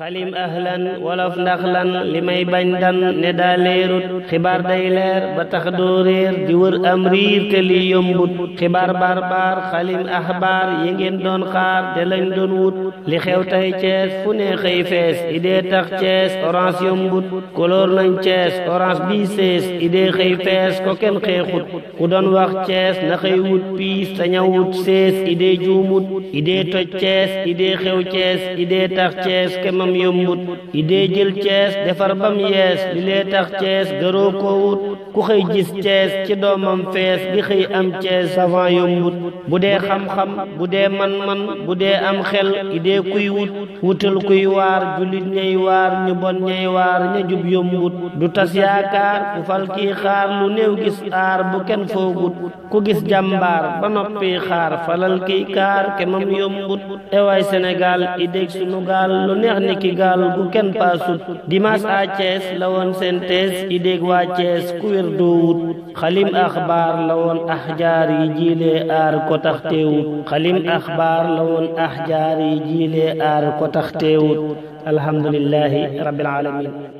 xalim ahlan wolof ndax lan li may bañ dan ne daa leerut xibaar day leer ba tax doo réer di wër am riir te li yombut xibaar barbaar xalim axbaar yi ngeen doon xaar te lañ doon wut li xew tay cees fu ne xëy fees idée tax cees orange yombut koloor nañ cees orange bii sees idée xëy fees ko kenn xeexut ku doon wax cees na xëy wut piis te ñaw wut sees idée juumut idée toj cees idée xew cees idée tax cees kemam bam yombut idée jël cees defar bam yees li lee tax cees garoo ko wut ku xëy gis cees ci doomam fees gi xëy am cees savant yombut bu dee xam-xam bu dee man-man bu dee am xel idée kuy wut wutal kuy waar jullit ñay waar ñu bon ñay waar ña jub yombut du tas yaakaar ku fal kii xaar lu néew gis aar bu kenn foogut ku gis jàmbaar ba noppi xaar falal kii kaar kemam yombut ewaay Sénégal idée sunu lu neex ni tukki gaal gu kenn paasut dimaas a Thiès la woon seen i dégg waa Thiès ku wér doowut xalim axbaar la woon axjaar yi jiilee aar ko tax teewut xalim axbaar la woon axjaar yi jiilee aar ko tax teewut alhamdulillahi rabbil alamin